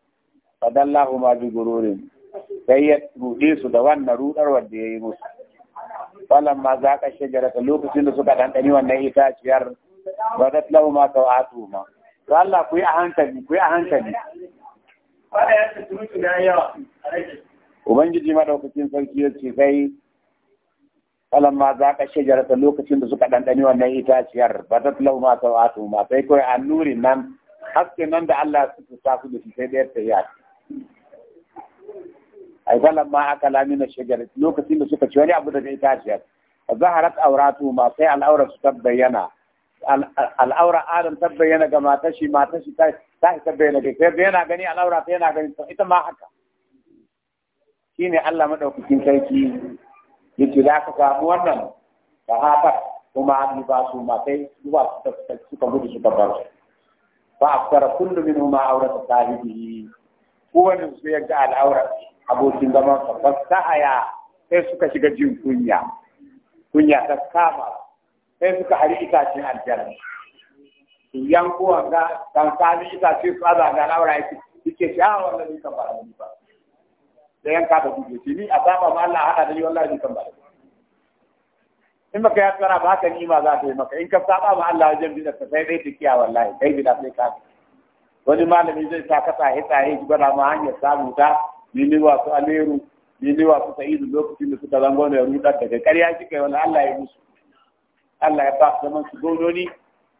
fadallahu ma bi gururin sai ya ruɗe su da wannan rudarwar da ya yi musu falan ma za ka shajarata lokacin da suka ɗanɗani wannan itaciyar ba da lahu ma wato ma to Allah ku yi a hankali ku yi a hankali Ubangiji madaukakin sarki ya ce sai فلما ذاك الشجرة لوك سند سكت عند أن وأنا إتاشير بدت له ما سوات وما فيكو النور نم حسك نم بالله سكت في سيدير تيار أي فلما أكل من الشجرة لوك سند سكت شو أني أبدا إتاشير ظهرت أوراته ما في الأورا سكت بينا الأورا آدم تبينا كما تشي ما تشي تاي تبينا كي تبينا غني الأورا تبينا غني إتما حكا شيني الله مدعوك كي تبينا yace da aka samu wannan sahabat kuma an ba su matai zuwa suka gudu suka bar su Ba a fa akthara ma aure ta sahibihi kowane su ya ga al'aura abokin zaman sa ta haya sai suka shiga jin kunya kunya ta kama sai suka hari itacen aljanna yan kuwa ga dan kali itace su azaga al'aura yake yake sha'awar da ni ka ba ni ba da yanka da gudu ce ni a saba ma Allah hada da yi wallahi ni kan ba in baka ya tsara ba ka nima za ta yi maka in ka saba ma Allah wajen bidda ka sai dai tikiya wallahi kai bidda sai ka wani malami zai sa ka tsaye tsaye ji gwada ma hanyar samu ta ni ni wasu aleru ni ni wasu sa'idu lokacin da suka zango da rudar daga ƙarya shi kai wani Allah ya musu Allah ya ba su zaman su gononi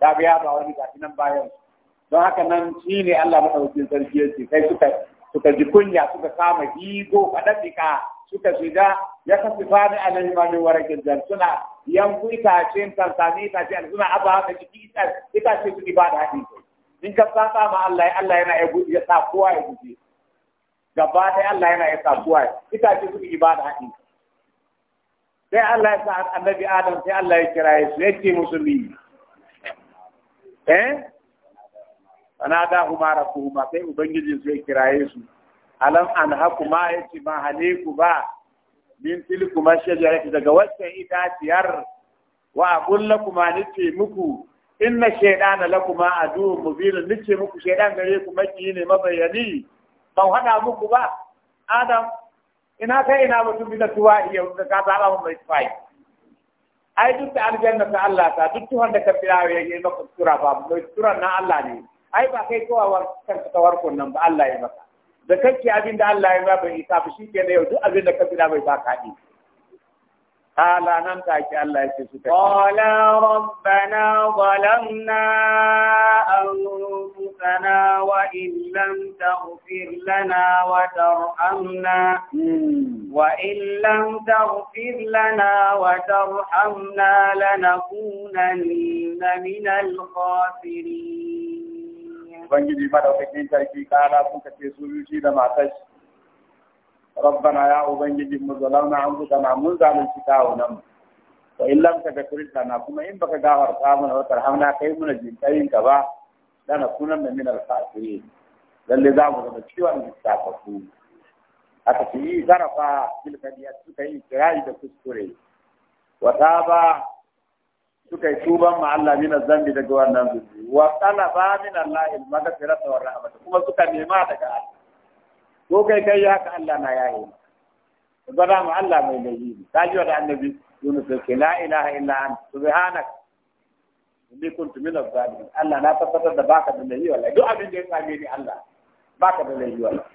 ta ga ya ba wani gashi nan bayan don haka nan shi ne Allah madaukakin sarki ya ce kai suka suka ji kunya suka kama higo fadafika suka shiga ya kasu fani a nan imamin warakin jan suna yanku itacen tansani itacen suna Aba, haka jiki itace su ba da haɗin kai in ka sa ma Allah ya Allah yana ya sa kowa ya guje gaba ɗaya Allah yana ya sa kowa ya itacen su ba da haɗin sai Allah ya sa annabi Adam sai Allah ya kira ya su yake musulmi eh fanadahuma rabbuhuma sai ubangiji su ya kiraye su alam an hakuma yace ma haliku ba min tilkuma shajarati daga ita itaciyar wa aqul lakum anti muku inna shaytana lakuma adu mubil nice muku shaytan gare ku maki ne mabayani ban hada muku ba adam ina kai ina mutum da tuwa iya da ka zaba mun mai fai ai duk aljanna ta Allah ta duk tuhan da ka firawo yake maka sura ba mai sura na Allah ne ai ba kai kowa kanka tawarkon nan ba Allah ya maka da kake abin da Allah ya ba bai isa ba shi da yau duk abin da ka tsira bai ba ka kala nan ta take Allah ya ce su ta qala rabbana zalamna anfusana wa in lam taghfir lana wa tarhamna hmm. wa in lam taghfir lana wa tarhamna lanakunanna minal khasirin ubangiji madaukakin sarki kara kuka ce su shi da matar shi rabbana ya ubangiji mu zalauna an buga na mun zalunci kawo nan wa illam ka gafirta na kuma in baka gafarta mana wa tarhamna kai mana jinkarin ka ba dana kunan da min al-kafirin lalle za mu zama ciwon littafafu aka ce yi zarafa bil kadiyat suka yi da kuskure wa ba suka yi tuban ma Allah min zambi daga wannan zunubi wa talaba min Allah al maghfirata wa rahmata kuma suka nema daga Allah ko kai kai ya ka Allah na yaye gada ma Allah mai laifi ta ji wa da annabi Yunus ke la ilaha illa anta subhanaka inni kuntu min az-zalimin Allah na tabbatar da baka da laifi wallahi duk abin da ya same ni Allah baka da laifi wallahi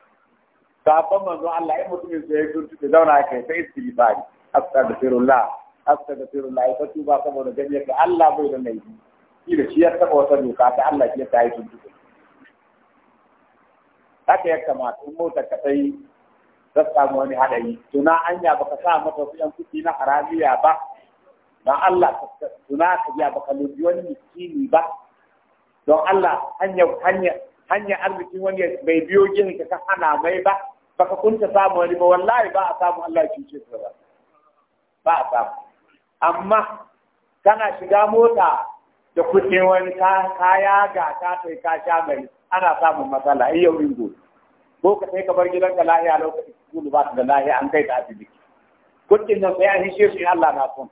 sabon manzo Allah in mutumin sai ya tuntu zauna kai sai istighfari astaghfirullah astaghfirullah ka tuba saboda gani yadda Allah bai da laifi shi da shi ya taba wata doka ta Allah shi ya ta yi tuntuɓe haka ya kamata in motar ka sai ta samu wani haɗari tuna anya baka sa mata wasu yan kuɗi na haramiya ba don Allah tuna ka biya baka lubi wani miskini ba don Allah hanya arzikin wani bai biyo gini ka ka hana mai ba baka kunta samu wani ba wallahi ba a samu Allah ya cuce ba ba a samu amma kana shiga mota da kuɗin wani kaya ga ta kai ka sha mai ana samun matsala in yau in gobe ko ka sai ka bar gidanka lahiya lokacin kudu ba su da lahiya an kai ta asibiti kuɗin nan sai an hishe su in Allah na son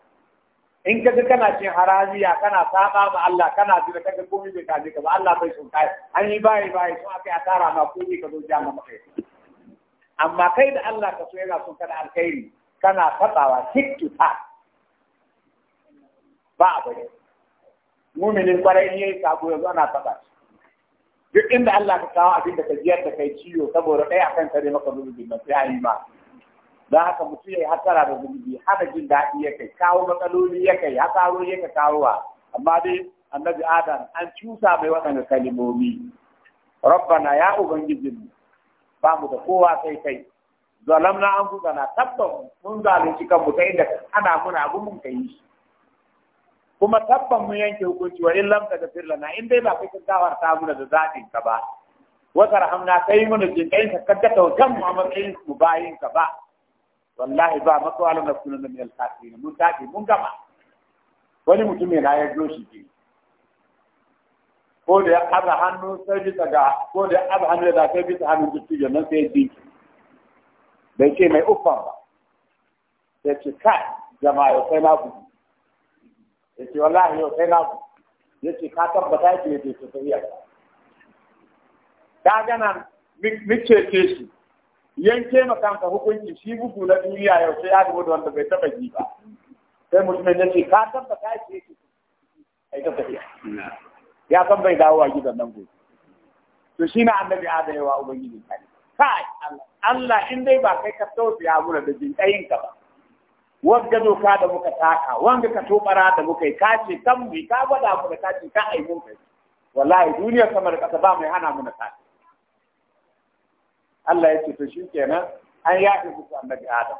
in ka ga kana cin haramiya kana saba ma Allah kana jira kaga komai bai kaje ka ba Allah bai sun kai an yi bayi bayi sun aka ya tara ma komai ka zo jama maka amma kai da Allah ka so yana son kada alkhairi kana fatsawa tik to ba a bari muminin kwarai ne ya sabo yanzu ana faɗa duk inda Allah ka kawo abin da ka jiyar da kai ciwo saboda ɗaya akan tare maka zunubi na sai ayi ma za haka mutum ya yi hasara da zunubi hana jin daɗi ya kai kawo matsaloli ya kai hasaro ya ka kawowa amma dai annabi adam an cusa mai waɗanda kalimomi rabbana ya ubangijinmu ba mu da kowa sai kai zalamna an buɗana tabbas mun zalunci kanmu ta inda ana muna abin mun kai shi kuma tabban mun yanke hukunci wa illam ka gafir lana in dai ba kai ka ta mu da zatin ka ba wa tarhamna kai mun jin kai ka kadda wa kan mu kai mu bayin ka ba wallahi ba maka tawala na kunan min al kafirin mun tafi mun gama wani mutum ne ya zo shi ji ko da ya aza hannu sai bisa ga ko da ya hannu da sai hannu hannun jittijo nan sai ji bai ce mai uffan ba sai ce kai jama'a sai na gudu yace wallahi yau sai na yace ka tabbata yake yace to sai ya ka gana mice ce shi yanke ma kanka hukunci shi bugu na duniya yau sai ya dubo da wanda bai taba ji ba sai mutumin yace ka tabbata yake yace ai ta tafiya ya san bai dawo a gidan nan gobe to shi na annabi adayewa ubangiji kai kai Allah in dai ba kai ka tausaya mana da jin ɗayin ka ba wanga ka da muka taka wanda ka bara da muka yi ka ce kan mu ka gwada mu ka ce ka ai mun kai wallahi duniya kamar kasa ba mai hana mu na ta Allah ya ce to shikenan an ya ku annabi Adam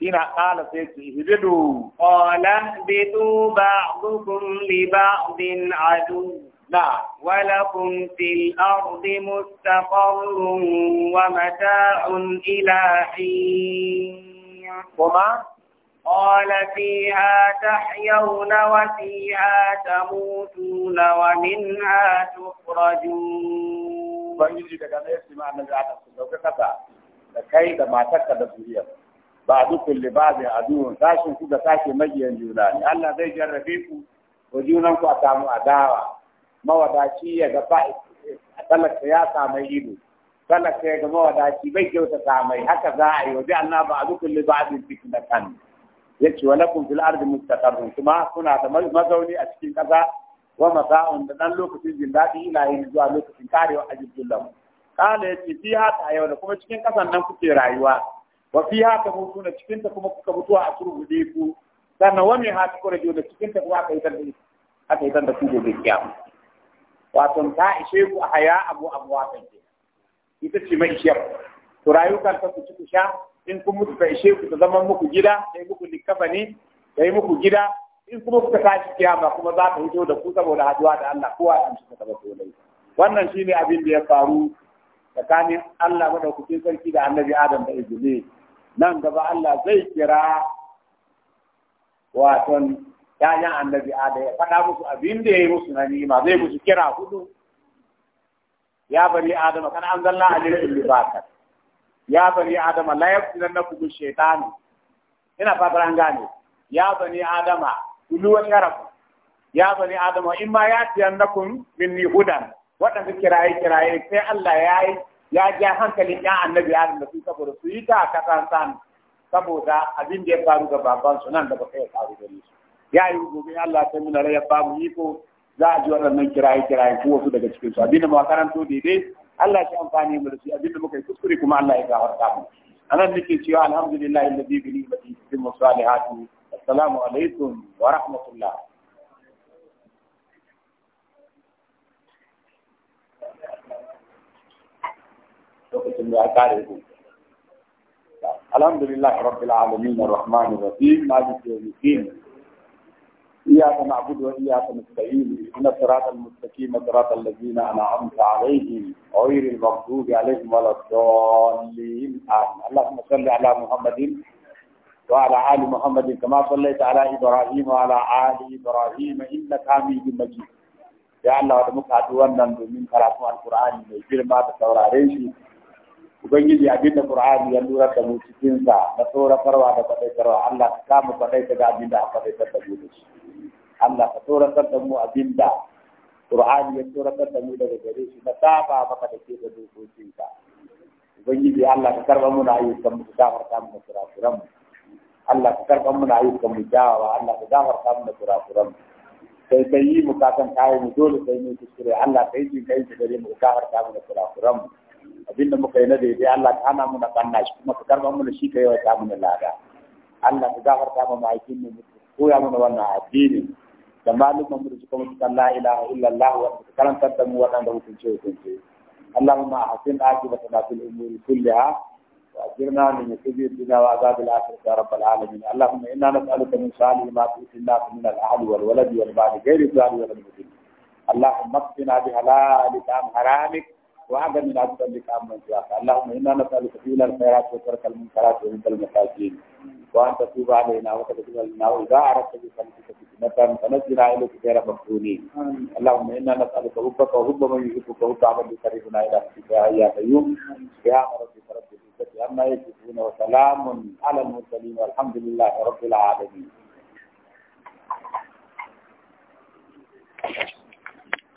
Ina qala sai ce hibidu qala bidu ba'dukum li ba'din adu نعم ولكم في الأرض wa ومتاع إلى حين وما قال فيها تحيون وفيها تموتون ومنها تخرجون بنجي daga ne sai ma annabi Adam sun dauka kasa da kai da matarka da zuriyar ba dukkan libazi aduwun sashin ku da sashin magiyan juna ne Allah zai jarrabe ku ko junan ku a samu adawa mawadaci ya ga ba talaka ya samu ido talaka ya ga mawadaci bai kyauta samai haka za a yi wajen Allah ba a dukkan libazin cikin da kan ce wala kun fil ardi mustaqarrun kuma kuna da mazauni a cikin kasa wa mata'un da dan lokacin jin dadi ila yin zuwa lokacin karewa ajibul lahu kala ce fi hata yau da kuma cikin kasan nan kuke rayuwa wa fi haka mutu na cikin ta kuma kuka mutuwa a turbude ku sannan wani haka hata kore da cikin ta kuma aka yi tarbi aka yi tarbi ku gobe kiyama wato ta ishe ku a haya abu abu wa ke ita ce mai ishiyar to rayukan ta ku ci ku sha in kun mutu kai ku ta zama muku gida sai muku likafani sai muku gida in kuma kuka tashi kiyama kuma za ta hito da ku saboda haduwa da Allah kowa ya amshi ta ba lai wannan shine abin da ya faru tsakanin Allah madaukakin sarki da Annabi Adam da Iblis nan gaba Allah zai kira waton ‘ya'yan annabi Adam ya faɗa musu abin da ya yi musu na nima zai musu kira hudu ya bari Adam Kana an zalla a jirgin libakar. ya bani adama la yaftinannakum shaytan ina fatar an gane ya bani adama kulu wa sharabu ya bani adama in ma ya tiyannakum minni hudan wadan kiraye kiraye sai Allah ya yi ya ja hankalin ya annabi adam da su saboda su yi ta kasan san saboda abin da ya faru ga baban su nan da ba kai faru da su ya yi gobe Allah ta nuna rayar babu yi ko za a ji waɗannan kiraye kiraye ko wasu daga cikin su abin da makaranto daidai الله شيء أمطاني مرسي أجل بك يكسكري كما الله إذا أرقابي أنا لك شيء الحمد لله الذي بني بدي سلم صالحاتي السلام عليكم ورحمة الله الحمد لله رب العالمين الرحمن الرحيم مالك يوم الدين إياك نعبد وإياك نستعين إن الصراط المستقيم صراط الذين أنعمت عليهم غير المغضوب عليهم ولا الضالين آمين اللهم صل على محمد وعلى آل محمد كما صليت على إبراهيم وعلى آل إبراهيم إنك حميد مجيد يا الله ودمك أدوانا من كراتو القرآن من جرمات التورارين ubangiji abin da qur'ani ya lura da mu cikin sa na tsoratarwa da faɗaitarwa Allah ka kama faɗaita ga abin da aka faɗaitar da mu da shi Allah ka tsoratar da mu abin da qur'ani ya tsoratar da mu daga gare shi na saba maka da ke da dokokin ka ubangiji Allah ka karba mu na ayyukan mu ka gafarta mu da kurakuran mu Allah ka karba mu na ayyukan mu jawawa Allah ka gafarta mu da kurakuran mu sai kai yi mu kasan kayan mu dole sai mu kuskure Allah ka yi jin kai gare mu ka gafarta mu da kurakuran mu abinda muka yi na daidai Allah ka hana muna kanna shi kuma ka karba muna shi ka yawaita muna lada Allah ka gafarta mu ma'aikin mu koya muna wannan addinin da malumman mu da suka mutu kan la ilaha illallah wa ka karantar da mu waɗanda hukunce hukunce اللهم أحسن عاقبتنا في الأمور كلها وأجرنا من خزي الدنيا وعذاب الآخرة يا رب العالمين اللهم إنا نسألك من صالح ما تؤتنا من الأهل والولد والمال غير الزار ولا المدين اللهم اقنا بحلالك عن حرامك وعدم اللي كان من جواك اللهم انا نسالك فيل الخيرات وترك المنكرات وإنت المساكين وان تتوب علينا وتتوب لنا واذا اردت بخلقك فتنه فنزل عليك غير مفتونين اللهم انا نسالك ربك وهب من يحبك وهب عبد يقربنا الى حبك يا قيوم يا ربك رب العزه أما يصفون وسلام على المرسلين والحمد لله رب العالمين